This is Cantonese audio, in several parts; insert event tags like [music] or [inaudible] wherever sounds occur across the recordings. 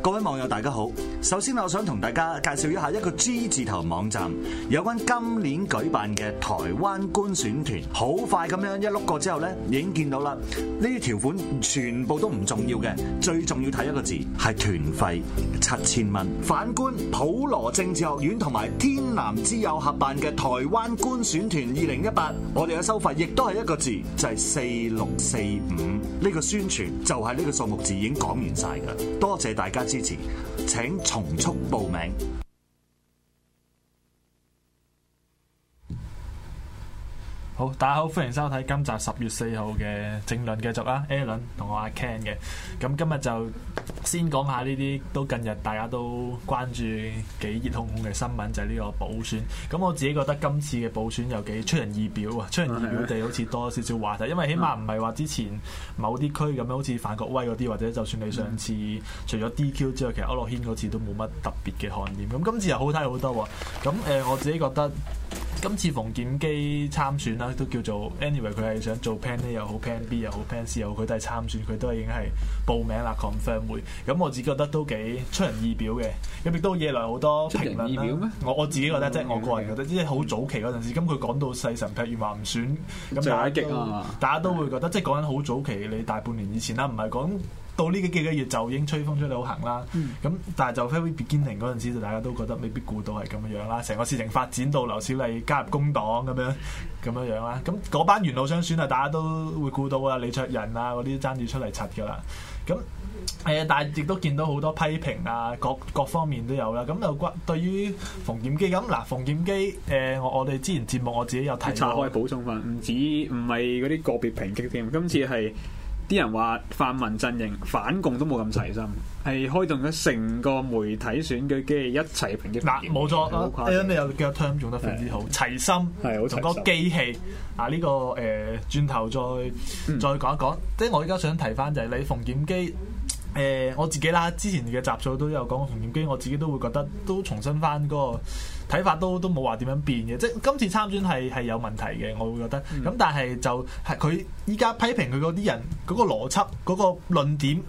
各位網友，大家好。首先我想同大家介紹一下一個 G 字頭網站，有關今年舉辦嘅台灣觀選團，好快咁樣一碌過之後咧，已經見到啦。呢啲條款全部都唔重要嘅，最重要睇一個字，係團費七千蚊。反觀普羅政治學院同埋天南之友合辦嘅台灣觀選團二零一八，我哋嘅收費亦都係一個字，就係四六四五。呢個宣傳就係呢個數目字已經講完晒噶，多謝大家支持，請。同速報名。好，大家好，歡迎收睇今集十月四號嘅政論，啊，繼續啦 Allen 同我阿、啊、Ken 嘅。咁今日就先講下呢啲都近日大家都關注幾熱烘烘嘅新聞，就係、是、呢個補選。咁我自己覺得今次嘅補選又幾出人意表啊，出人意表地好似多少少話題，因為起碼唔係話之前某啲區咁樣，好似范國威嗰啲，或者就算你上次除咗 DQ 之外，其實區諾軒嗰次都冇乜特別嘅看點。咁今次又好睇好多喎。咁誒，我自己覺得。今次馮檢基參選啦，都叫做 anyway，佢係想做 pan A 又好，pan B 又好，pan C 又好，佢都係參選，佢都係已經係報名啦，confirm 咁，Conf 會我自己覺得都幾出人意表嘅，咁亦都惹來好多評論。我我自己覺得、嗯、即係我個人覺得，嗯、即係好早期嗰陣時，咁佢講到細神劈，原話唔選，咁打家都大家都會覺得，對 即係講緊好早期，你大半年以前啦，唔係講。到呢幾幾個月就已經吹風出嚟好行啦，咁、嗯、但係就 very beginning 嗰陣時就大家都覺得未必估到係咁樣啦，成個事情發展到劉小麗加入工黨咁樣咁樣樣啦，咁嗰班元老相選啊，大家都會估到啊，李卓人啊嗰啲爭住出嚟賊㗎啦，咁誒但係亦都見到好多批評啊，各各方面都有啦，咁又關對於馮檢基咁嗱、啊、馮檢基誒、呃、我我哋之前節目我自己有提拆開補充翻，唔止唔係嗰啲個別抨擊添，今次係。啲人話泛民陣營反共都冇咁齊心，係開動咗成個媒體選舉機一齊抨擊。嗱，冇錯咯，啲人、啊、你有幾個 term 用得非常之好，對齊心好同個機器啊！呢、這個誒、呃，轉頭再再講一講，嗯、即係我而家想提翻就係你馮檢基誒、呃，我自己啦，之前嘅集數都有講過馮檢基，我自己都會覺得都重新翻嗰、那個。睇法都都冇話點樣變嘅，即係今次參選係係有問題嘅，我會覺得。咁、嗯、但係就係佢依家批評佢嗰啲人嗰個邏輯嗰個論點。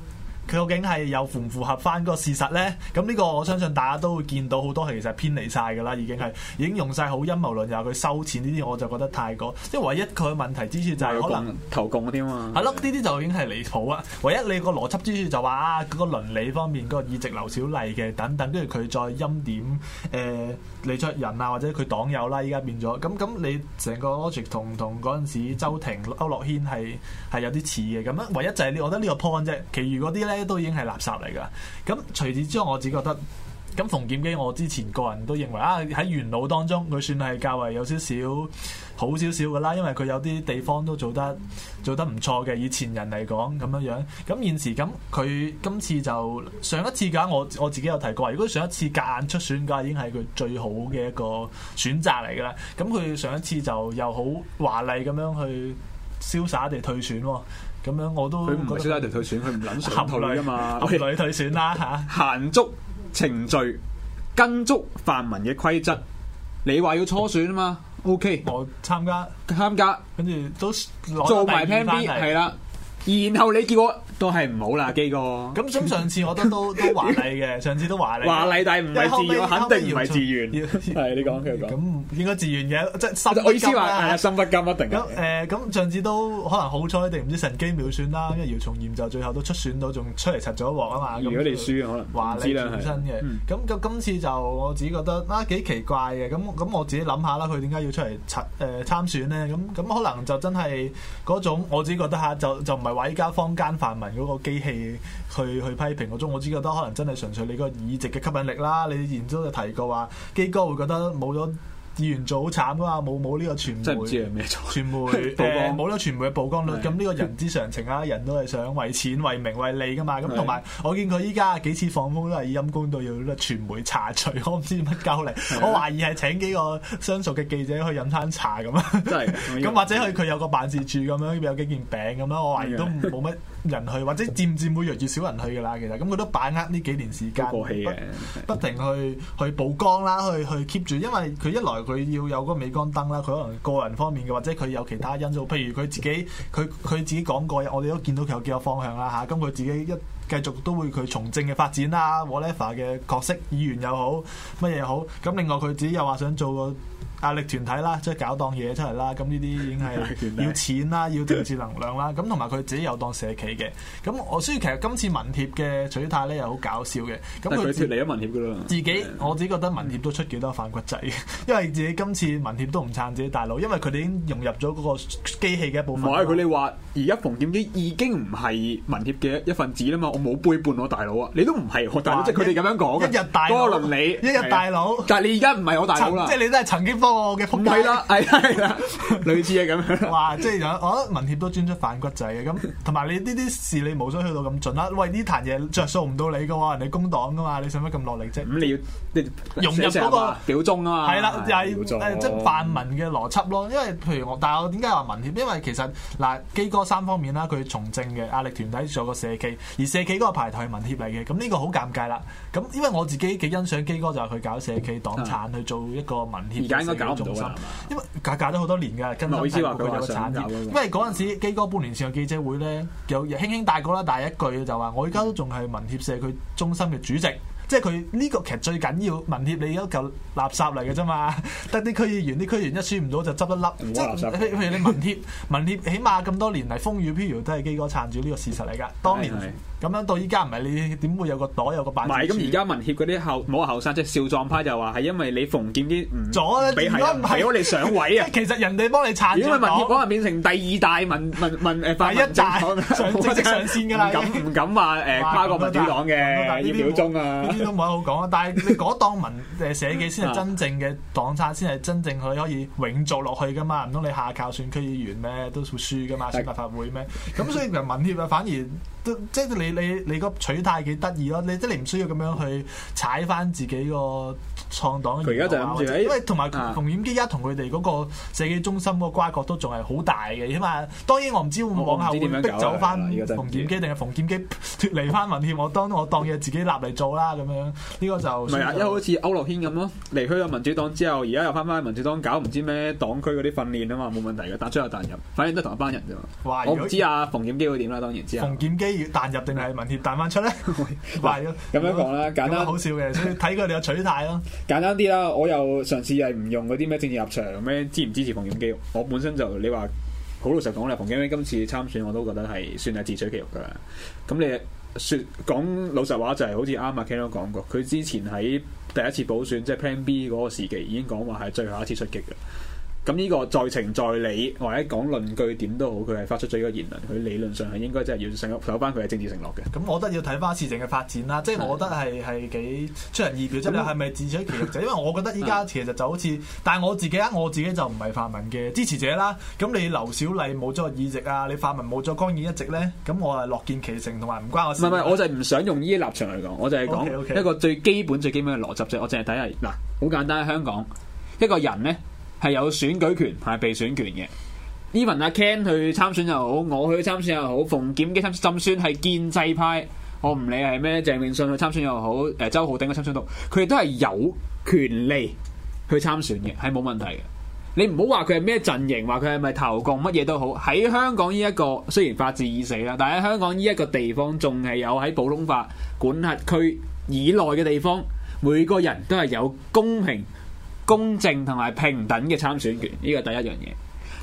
佢究竟係有符唔符合翻個事實咧？咁呢個我相信大家都會見到好多其實偏離晒噶啦，已經係已經用晒好陰謀論，又係佢收錢呢啲，我就覺得太過，即係唯一佢問題之處就係可能共投共嗰啲嘛。係咯、嗯，呢啲就已經係離譜啊！唯一你個邏輯之處就話啊，嗰個倫理方面、嗰個議席劉小麗嘅等等，跟住佢再欽點誒、呃、李卓人啊，或者佢黨友啦、啊，依家變咗。咁咁你成個 logic 同唔同嗰陣時周庭區諾軒係係有啲似嘅，咁樣唯一就係你我覺得呢個 point 啫，其餘嗰啲咧。都已經係垃圾嚟㗎，咁除此之外，我自己覺得咁馮檢基，我之前個人都認為啊，喺元老當中，佢算係較為有少少好少少㗎啦，因為佢有啲地方都做得做得唔錯嘅，以前人嚟講咁樣樣，咁現時咁佢今次就上一次嘅我我自己有提過，如果上一次夾硬出選嘅已經係佢最好嘅一個選擇嚟㗎啦，咁佢上一次就又好華麗咁樣去。瀟灑地退選喎，咁樣我都佢唔瀟灑地退選，佢唔撚合台嘅嘛，後台退選啦嚇。行 Okay, 足程序跟足泛民嘅規則，你話要初選啊嘛，OK。我參加參加，跟住都做埋 Plan B 係啦，然後你叫我。都係唔好啦，基哥。咁咁上次我都都都話你嘅，上次都話你。話禮弟唔係肯定唔係自願。係你講，佢講。咁應該自願嘅？即係心不甘。我意思話心不甘一定。咁誒咁上次都可能好彩定唔知神機妙算啦，因為姚松炎就最後都出選到，仲出嚟擦咗鑊啊嘛。如果你輸可能。話禮轉身嘅。咁咁今次就我自己覺得啊幾奇怪嘅。咁咁我自己諗下啦，佢點解要出嚟擦誒參選咧？咁咁可能就真係嗰種我自己覺得嚇，就就唔係話依家坊間泛民。嗰個機器去去批評個中，我只覺得可能真係純粹你個議席嘅吸引力啦。你前朝就提過話，基哥會覺得冇咗議員做好慘噶嘛，冇冇呢個傳媒，真係唔媒冇咗傳媒嘅曝，光、呃、曝光率，咁呢對個人之常情啊， [laughs] 人都係想為錢、為名、為利噶嘛。咁同埋我見佢依家幾次放風都係以陰公到要傳媒查除，我唔知乜鳩嚟。對我懷疑係請幾個相熟嘅記者去飲餐茶咁樣。咁對 [laughs] 或者佢佢有個辦事處咁樣，有幾件餅咁樣。我懷疑都冇乜。對 [laughs] 人去或者漸漸會越住少人去㗎啦。其實咁，佢都把握呢幾年時間，過不，不停去去曝光啦，去去 keep 住，因為佢一來佢要有嗰個鎂光燈啦，佢可能個人方面嘅或者佢有其他因素，譬如佢自己佢佢自己講過，我哋都見到佢有幾個方向啦吓，咁、啊、佢自己一繼續都會佢從政嘅發展啦，whatever 嘅角色，議員又好乜嘢又好。咁另外佢自己又話想做個。壓力團體啦，即係搞檔嘢出嚟啦，咁呢啲已經係要錢啦， [laughs] 要調節能量啦，咁同埋佢自己又當社企嘅，咁我所以其實今次文協嘅取態咧又好搞笑嘅，咁佢脫離咗文協噶啦，自己我自己覺得文協都出幾多飯骨仔， [laughs] 因為自己今次文協都唔撐自己大佬，因為佢哋已經融入咗嗰個機器嘅一部分。唔係佢哋話而家馮檢基已經唔係文協嘅一份子啦嘛，我冇背叛我大佬啊，你都唔係大，你大佬，即係佢哋咁樣講，多倫理，一日大佬，的但係你而家唔係我大佬啦，即係成你都係曾經。幫我嘅粉底啦，係啦， [music] 類似啊咁。 [laughs] 哇，即係有我覺得文協都專出反骨仔嘅咁，同埋你呢啲事你無想去到咁盡啦。喂，呢壇嘢着數唔到你嘅話，人哋工黨嘅嘛，你使乜咁落力啫？咁、嗯、你要融入嗰、那個表忠啊嘛，係啦、啊，又係即係泛民嘅邏輯咯。因為譬如我，但係我點解話文協？因為其實嗱，基哥三方面啦，佢從政嘅壓力團體做個社企，而社企嗰個牌頭係文協嚟嘅，咁呢個好尷尬啦。咁因為我自己幾欣賞基哥，就係佢搞社企、黨產去做一個文協。搞中心，因為搞搞咗好多年嘅，跟住先話佢有產。因為嗰陣時基哥半年前嘅記者會咧，有輕輕帶過啦，帶一句就話：我而家都仲係民協社區中心嘅主席，即係佢呢個劇最緊要。民協你而家嚿垃圾嚟嘅啫嘛，得啲區議員、啲區議員一輸唔到就執一粒。即圾，譬如你民協，民協起碼咁多年嚟風雨飄搖，都係基哥撐住呢個事實嚟㗎。當年。咁樣到依家唔係你點會有個袋有個辦事處？唔係咁而家民協嗰啲後冇後生即少壯派就話係因為你馮檢啲唔阻咧，俾係俾咗你上位啊！其實人哋幫你撐咗黨因為民協可能變成第二大民民民誒第一集上即上線噶啦，唔唔敢話誒跨過民主黨嘅。呢秒鐘啊，呢啲都冇得好講啊！但係你嗰檔民誒社記先係真正嘅黨差，先係真正佢可以永續落去噶嘛？唔通你下靠選區議員咩都會輸噶嘛？選立法會咩？咁所以其實民協啊反而。即係你你你個取態幾得意咯，你即係你唔需要咁樣去踩翻自己個。創黨佢而家就係因為同埋馮檢基一同佢哋嗰個社基中心嗰瓜葛都仲係好大嘅，起碼當然我唔知會唔會往後會逼走翻馮檢基定係馮檢基脫離翻民協，我當我當嘢自己立嚟做啦咁樣。呢、呢個就唔係啊，因為好似區諾軒咁咯，離去咗民主黨之後，而家又翻翻民主黨搞唔知咩黨區嗰啲訓練啊嘛，冇問題嘅，打出又彈入，反正都同一班人啫嘛。嘩我唔知阿馮檢基會點啦，當然知啊。馮檢基要彈入定係民協彈翻出咧？話咁 [laughs] 樣講啦，簡單好笑嘅，睇佢哋有取態咯。 [laughs] 簡單啲啦，我又嘗試係唔用嗰啲咩政治立場咩支唔支持馮檢基？我本身就你話好老實講啦，馮檢基今次參選我都覺得係算係自取其辱噶。咁你説講老實話就係、是、好似啱阿 Ken 都講過，佢之前喺第一次補選即係 Plan B 嗰個時期已經講話係最後一次出擊嘅。咁呢個在情在理，或者講論據點都好，佢係發出咗一個言論，佢理論上係應該真係要承諾翻佢嘅政治承諾嘅。咁我覺得要睇翻事情嘅發展啦，即係我覺得係係幾出人意表。即係你係咪自持其餘者？因為我覺得依家其實就好似， [laughs] 但係我自己啊，我自己就唔係泛民嘅支持者啦。咁你劉小麗冇咗議席啊，你泛民冇咗江燕一席咧，咁我係樂見其成同埋唔關我事。唔係唔係，我就係唔想用呢啲立場嚟講，我就係講 okay, okay. 一個最基本、最基本嘅邏輯啫。就係、我淨係睇下嗱，好簡單香港一個人咧。係有選舉權係被選權嘅。Even 阿 Ken 去參選又好，我去參選又好，馮檢基參參選係建制派，我唔理係咩鄭明信去參選又好，誒、呃、周浩鼎去參選都，佢哋都係有權利去參選嘅，係冇問題嘅。你唔好話佢係咩陣營，話佢係咪投共乜嘢都好。喺香港呢、這、一個雖然法治已死啦，但係喺香港呢一個地方仲係有喺普通法管轄區以內嘅地方，每個人都係有公平。公正同埋平等嘅參選權，呢個第一樣嘢。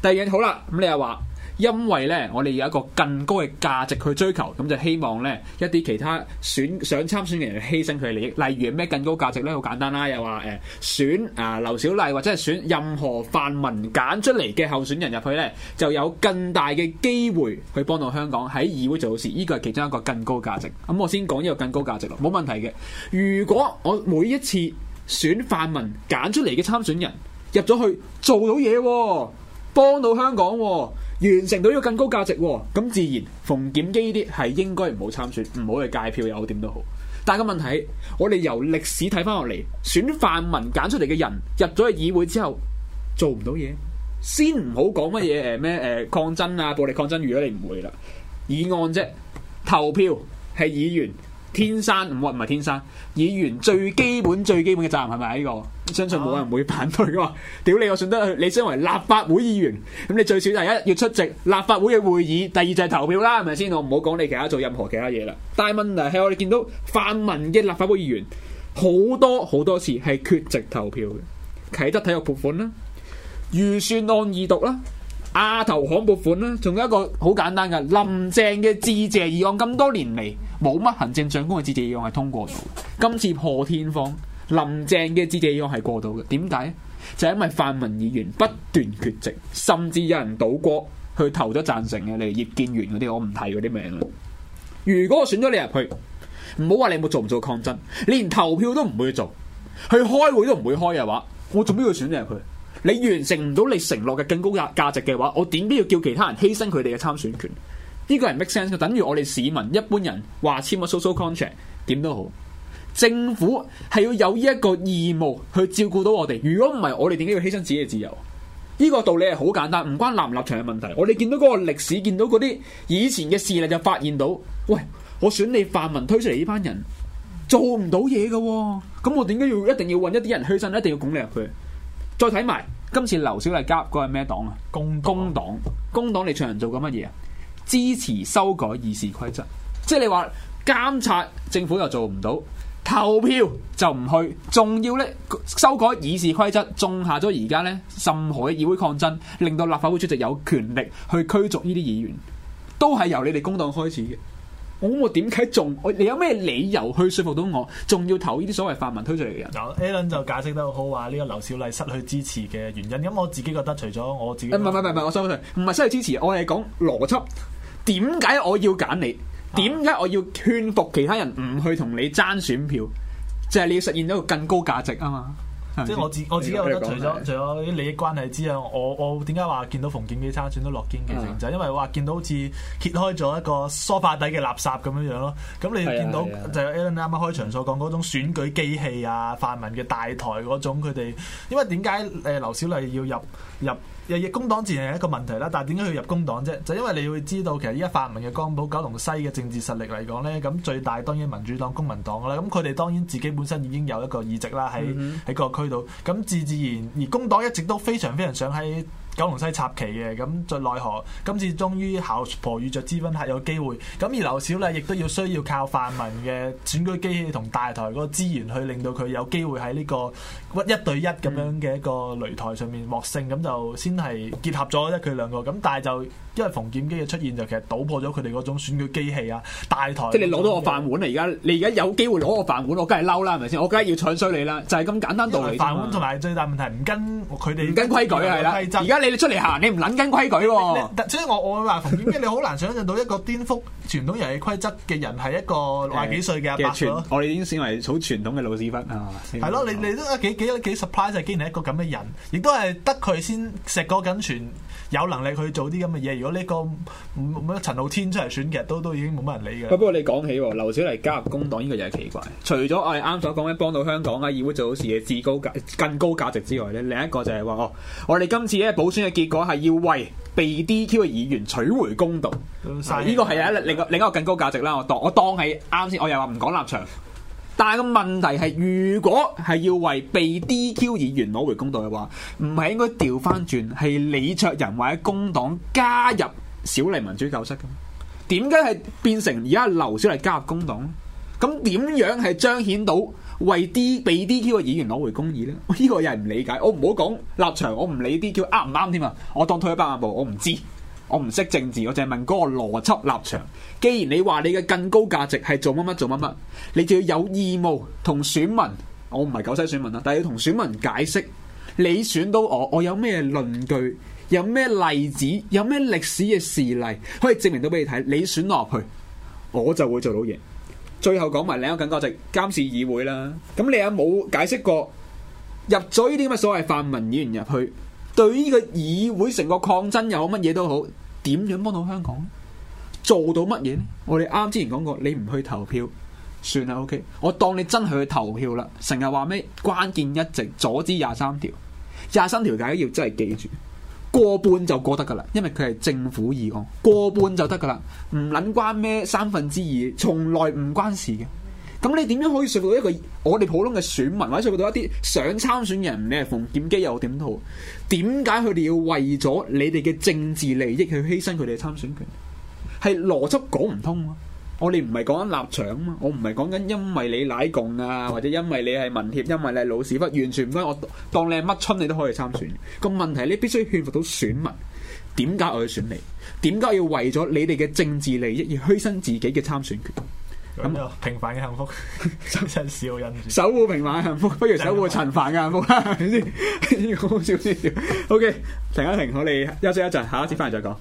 第二樣好啦，咁你又話，因為呢，我哋有一個更高嘅價值去追求，咁就希望呢，一啲其他選想參選嘅人犧牲佢嘅利益。例如咩更高價值呢？好簡單啦，又話誒、欸、選啊、呃，劉小麗或者係選任何泛民揀出嚟嘅候選人入去呢，就有更大嘅機會去幫到香港喺議會做好事。呢、這個係其中一個更高價值。咁我先講呢個更高價值咯，冇問題嘅。如果我每一次選泛民揀出嚟嘅參選人入咗去做到嘢、啊，幫到香港、啊，完成到呢個更高價值、啊。咁自然馮檢基呢啲係應該唔好參選，唔好去界票又點都好。但係個問題，我哋由歷史睇翻落嚟，選泛民揀出嚟嘅人入咗去議會之後，做唔到嘢，先唔好講乜嘢誒咩誒抗爭啊，暴力抗爭。如果你唔會啦，議案啫，投票係議員。天生唔屈唔係天生，議員最基本最基本嘅責任係咪？呢個相信冇人會反對嘅嘛？屌你！我信得你，身為立法會議員，咁你最少第一要出席立法會嘅會議，第二就係投票啦，係咪先？我唔好講你其他做任何其他嘢啦。但問題係我哋見到泛民嘅立法會議員好多好多次係缺席投票嘅，啟德體育撥款啦，預算案二讀啦。亞投行撥款啦，仲有一個好簡單嘅林鄭嘅致謝議案，咁多年嚟冇乜行政長官嘅致謝議案係通過到，今次破天荒林鄭嘅致謝議案係過到嘅，點解？就係因為泛民議員不斷缺席，甚至有人倒過去投咗贊成嘅，例如葉建源嗰啲，我唔睇嗰啲名啦。如果我選咗你入去，唔好話你冇做唔做抗爭，你連投票都唔會做，去開會都唔會開嘅話，我做咩要選你入去？你完成唔到你承諾嘅更高價價值嘅話，我點都要叫其他人犧牲佢哋嘅參選權？呢個係 make sense，就等於我哋市民一般人話簽個 social contract 點都好，政府係要有呢一個義務去照顧到我哋。如果唔係，我哋點解要犧牲自己嘅自由？呢、這個道理係好簡單，唔關立唔立場嘅問題。我哋見到嗰個歷史，見到嗰啲以前嘅事例，就發現到，喂，我選你泛民推出嚟呢班人做唔到嘢嘅，哦，咁我點解要一定要揾一啲人犧牲咧？一定要拱你入去？再睇埋。今次劉小麗加入嗰係咩黨啊？工黨工黨，工黨，你長人做過乜嘢啊？支持修改議事規則，即係你話監察政府又做唔到，投票就唔去，仲要呢修改議事規則，種下咗而家呢任何嘅議會抗爭，令到立法會主席有權力去驅逐呢啲議員，都係由你哋工黨開始嘅。我冇點解仲，你有咩理由去説服到我，仲要投呢啲所謂泛民推出嚟嘅人？嗱、哦、Allen 就解釋得好，話呢個劉小麗失去支持嘅原因。因咁我，我自己覺得，除咗我自己，唔係唔係唔係，我收佢，唔係失去支持，我係講邏輯。點解我要揀你？點解我要勸服其他人唔去同你爭選票？就係、是、你要實現咗個更高價值啊嘛。即係我自我自己覺得除咗除咗啲利益關係之外，我我點解話見到馮檢基參選都樂見其成，就係因為話見到好似揭開咗一個梳化底嘅垃圾咁樣樣咯。咁你見到就係 Alan 啱啱開場所講嗰種選舉機器啊，嗯、泛民嘅大台嗰種佢哋，因為點解誒劉小麗要入入？入入工黨自然係一個問題啦，但係點解要入工黨啫？就因為你會知道，其實依家泛民嘅光保九龍西嘅政治實力嚟講咧，咁最大當然民主黨、公民黨啦。咁佢哋當然自己本身已經有一個議席啦，喺喺個區度。咁自自然而工黨一直都非常非常想喺九龍西插旗嘅。咁在奈何，今次終於考婆遇着之分係有機會。咁而劉小麗亦都要需要靠泛民嘅選舉機器同大台嗰個資源去令到佢有機會喺呢、呢個屈一對一咁樣嘅一個擂台上面獲勝，咁就先係結合咗一佢兩個。咁但係就因為馮檢基嘅出現，就其實倒破咗佢哋嗰種選舉機器啊，大台。即係你攞到個飯碗啦！而家你而家有機會攞個飯碗，我梗係嬲啦，係咪先？我梗係要唱衰你啦！就係、是、咁簡單道理。飯碗同埋最大問題唔跟佢哋唔跟規矩係啦。而家你哋出嚟行，你唔撚跟規矩喎。所以我我話馮檢基，你好難想象到一個顛覆傳統遊戲規則嘅人係一個六廿幾歲嘅阿伯，我哋已經視為好傳統嘅老屎忽係咯，你你，你都幾？幾幾 surprise 竟然，係一個咁嘅人，亦都係得佢先食過緊全，有能力去做啲咁嘅嘢。如果呢、呢個唔乜陳浩天出嚟選，其實都都已經冇乜人理嘅。不過你講起劉小麗加入工黨呢個又係奇怪。除咗我哋啱所講嘅幫到香港啊，議會做好事嘅至高價更高價值之外咧，另一個就係話哦，我哋今次咧補選嘅結果係要為被 DQ 嘅議員取回公道。呢、啊、個係有一另一個更高價值啦。我當我當係啱先，我又話唔講立場。但係個問題係，如果係要為被 DQ 議員攞回公道嘅話，唔係應該調翻轉，係李卓人或者工黨加入小麗民主教室嘅？點解係變成而家劉小麗加入工黨？咁點樣係彰顯到為 D 被 DQ 嘅議員攞回公義呢？呢、呢個又係唔理解。我唔好講立場，我唔理 DQ 啱、啊、唔啱、啊、添啊，啊！我當退一百萬步，我唔知。我唔識政治，我淨係問嗰個邏輯立場。既然你話你嘅更高價值係做乜乜做乜乜，你就要有義務同選民，我唔係九西選民啦，但係要同選民解釋，你選到我，我有咩論據，有咩例子，有咩歷史嘅事例可以證明到俾你睇，你選落去，我就會做到嘢。最後講埋另一個更高價值，監視議會啦。咁你有冇解釋過入咗呢啲咁嘅所謂泛民議員入去，對於呢個議會成個抗爭又好乜嘢都好？點樣幫到香港？做到乜嘢咧？我哋啱之前講過，你唔去投票，算啦。OK，我當你真係去投票啦，成日話咩關鍵一直阻止廿三條，廿三條大家要真係記住，過半就過得噶啦，因為佢係政府議案，過半就得噶啦，唔捻關咩三分之二，從來唔關事嘅。咁你點樣可以說服到一個我哋普通嘅選民，或者說服到一啲想參選嘅人，唔理係馮檢基又點都好，點解佢哋要為咗你哋嘅政治利益去犧牲佢哋嘅參選權？係邏輯講唔通啊！我哋唔係講緊立場啊，嘛，我唔係講緊因為你奶共啊，或者因為你係民協，因為你係老屎忽，完全唔關我。當你係乜春，你都可以參選。個問題你必須勸服到選民，點解我要選你？點解要為咗你哋嘅政治利益而犧牲自己嘅參選權？咁就平凡嘅幸福，真真笑人守護平凡嘅幸福， [laughs] 不如守護陳凡嘅幸福啦，係咪先？好笑啲 [laughs] [laughs] [laughs] ，OK，停一停，好，你休息一陣，下一節翻嚟再講。